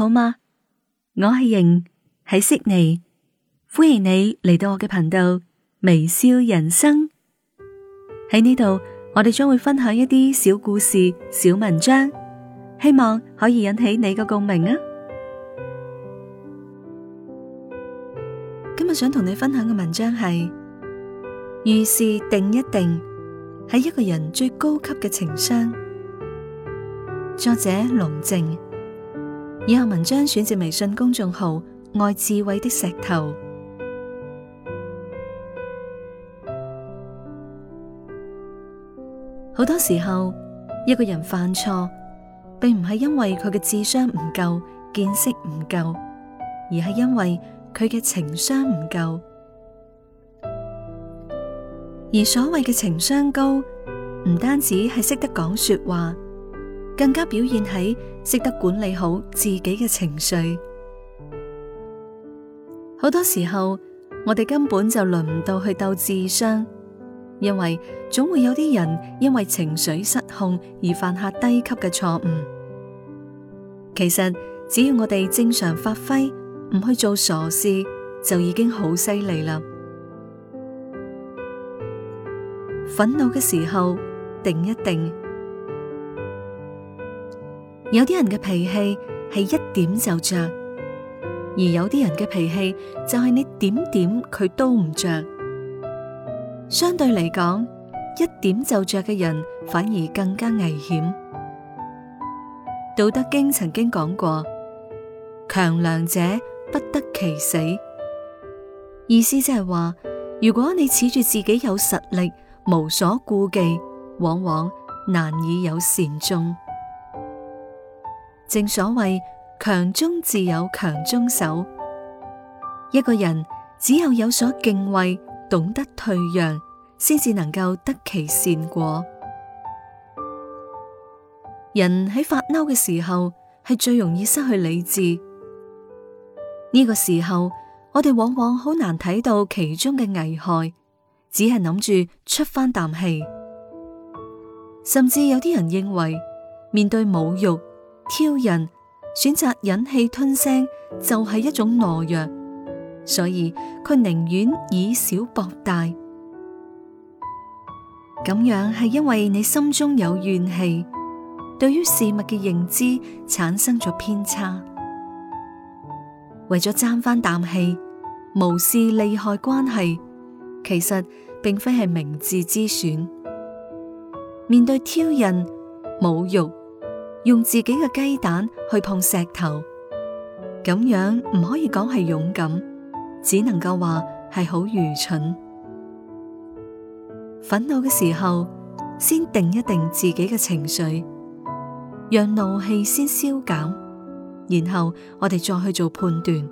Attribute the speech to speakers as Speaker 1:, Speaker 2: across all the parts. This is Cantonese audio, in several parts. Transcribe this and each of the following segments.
Speaker 1: 好嗎？我係瑩，喺悉尼，歡迎你嚟到我嘅頻道微笑人生。喺呢度，我哋將會分享一啲小故事、小文章，希望可以引起你嘅共鳴啊！今日想同你分享嘅文章係遇事定一定，係一個人最高級嘅情商。作者龍靜。以下文章選自微信公眾號愛智慧的石頭。好多時候，一個人犯錯，並唔係因為佢嘅智商唔夠、見識唔夠，而係因為佢嘅情商唔夠。而所謂嘅情商高，唔單止係識得講說話，更加表現喺。識得管理好自己嘅情緒，好多時候我哋根本就輪唔到去鬥智商，因為總會有啲人因為情緒失控而犯下低級嘅錯誤。其實只要我哋正常發揮，唔去做傻事就已經好犀利啦。憤怒嘅時候，定一定。有啲人嘅脾氣係一點就着，而有啲人嘅脾氣就係你點點佢都唔着。相對嚟講，一點就着嘅人反而更加危險。道德經曾經講過：強梁者不得其死。意思即係話，如果你恃住自己有實力、無所顧忌，往往難以有善終。正所謂強中自有強中手，一個人只有有所敬畏，懂得退讓，先至能夠得其善果。人喺發嬲嘅時候，係最容易失去理智。呢個時候，我哋往往好難睇到其中嘅危害，只係諗住出翻啖氣，甚至有啲人認為，面對侮辱。挑釁，選擇忍氣吞聲就係一種懦弱，所以佢寧願以小博大。咁樣係因為你心中有怨氣，對於事物嘅認知產生咗偏差，為咗爭返啖氣，無視利害關係，其實並非係明智之選。面對挑釁、侮辱。用自己嘅雞蛋去碰石頭，咁樣唔可以講係勇敢，只能夠話係好愚蠢。憤怒嘅時候，先定一定自己嘅情緒，讓怒氣先消減，然後我哋再去做判斷。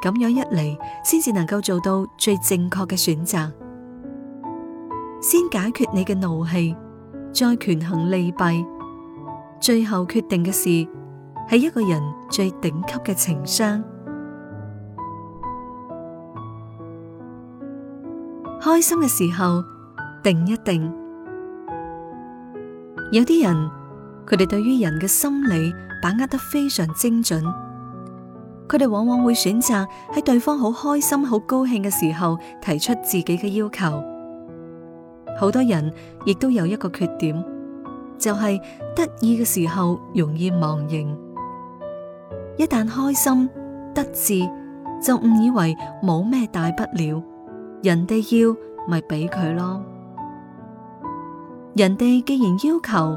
Speaker 1: 咁樣一嚟，先至能夠做到最正確嘅選擇。先解決你嘅怒氣，再權衡利弊。最後決定嘅事，係一個人最頂級嘅情商。開心嘅時候，定一定。有啲人，佢哋對於人嘅心理把握得非常精準，佢哋往往會選擇喺對方好開心、好高興嘅時候提出自己嘅要求。好多人亦都有一個缺點。就係得意嘅時候容易忘形，一旦開心得志，就誤以為冇咩大不了，人哋要咪俾佢咯。人哋既然要求，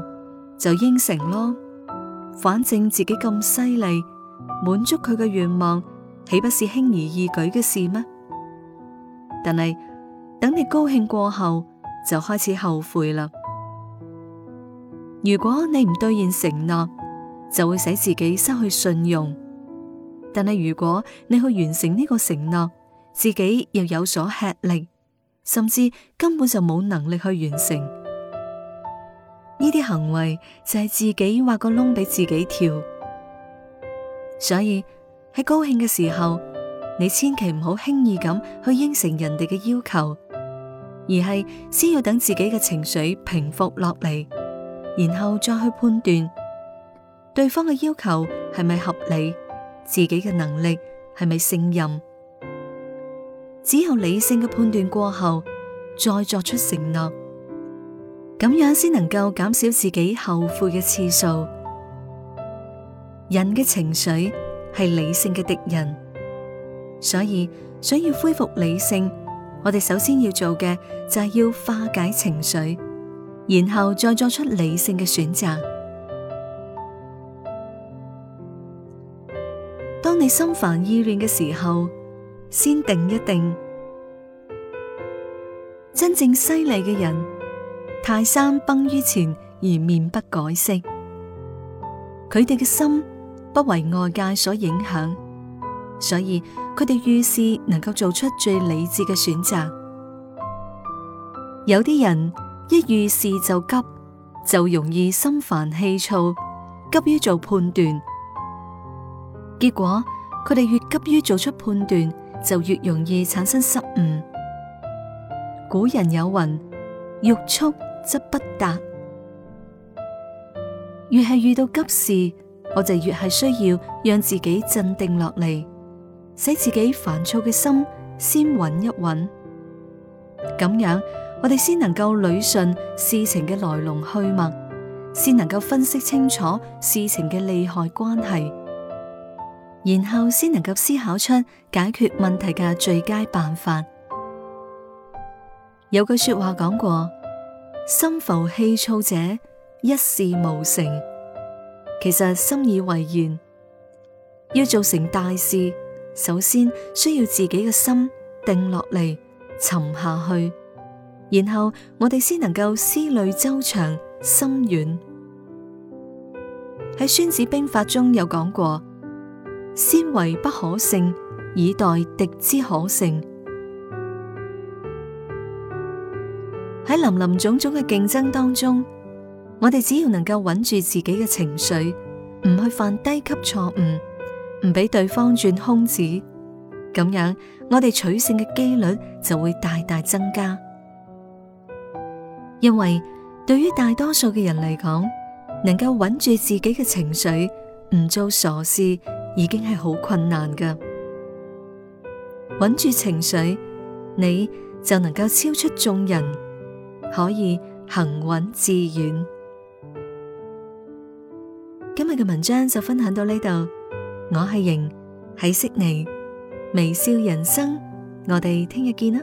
Speaker 1: 就應承咯。反正自己咁犀利，滿足佢嘅願望，豈不是輕而易舉嘅事咩？但係等你高興過後，就開始後悔啦。如果你唔兌現承諾，就會使自己失去信用。但係如果你去完成呢個承諾，自己又有所吃力，甚至根本就冇能力去完成呢啲行為，就係自己挖個窿俾自己跳。所以喺高興嘅時候，你千祈唔好輕易咁去應承人哋嘅要求，而係先要等自己嘅情緒平復落嚟，然後再去判斷對方嘅要求係咪合理，自己嘅能力係咪勝任。只有理性嘅判斷過後，再作出承諾，咁樣先能夠減少自己後悔嘅次數。人嘅情緒係理性嘅敵人，所以想要恢復理性，我哋首先要做嘅就係要化解情緒。然後再作出理性嘅選擇。當你心煩意亂嘅時候，先定一定。真正犀利嘅人，泰山崩於前而面不改色。佢哋嘅心不為外界所影響，所以佢哋遇事能夠做出最理智嘅選擇。有啲人。一遇事就急，就容易心煩氣躁，急於做判斷。結果，佢哋越急於做出判斷，就越容易產生失誤。古人有云：欲速則不達。越係遇到急事，我就越係需要讓自己鎮定落嚟，使自己煩躁嘅心先穩一穩。咁樣。我哋先能夠捋順事情嘅來龍去脈，先能夠分析清楚事情嘅利害關係，然後先能夠思考出解決問題嘅最佳辦法。有句話說話講過：心浮氣躁者，一事無成。其實深以為然，要做成大事，首先需要自己嘅心定落嚟，沉下去。然後我哋先能夠思慮周長、深遠。喺《孫子兵法》中有講過，先為不可勝，以待敵之可勝。喺林林種種嘅競爭當中，我哋只要能夠穩住自己嘅情緒，唔去犯低級錯誤，唔俾對方鑽空子，咁樣我哋取勝嘅幾率就會大大增加。因為對於大多數嘅人嚟講，能夠穩住自己嘅情緒，唔做傻事，已經係好困難㗎。穩住情緒，你就能夠超出眾人，可以行穩致遠。今日嘅文章就分享到呢度，我係盈，喺悉尼微笑人生，我哋聽日見啦。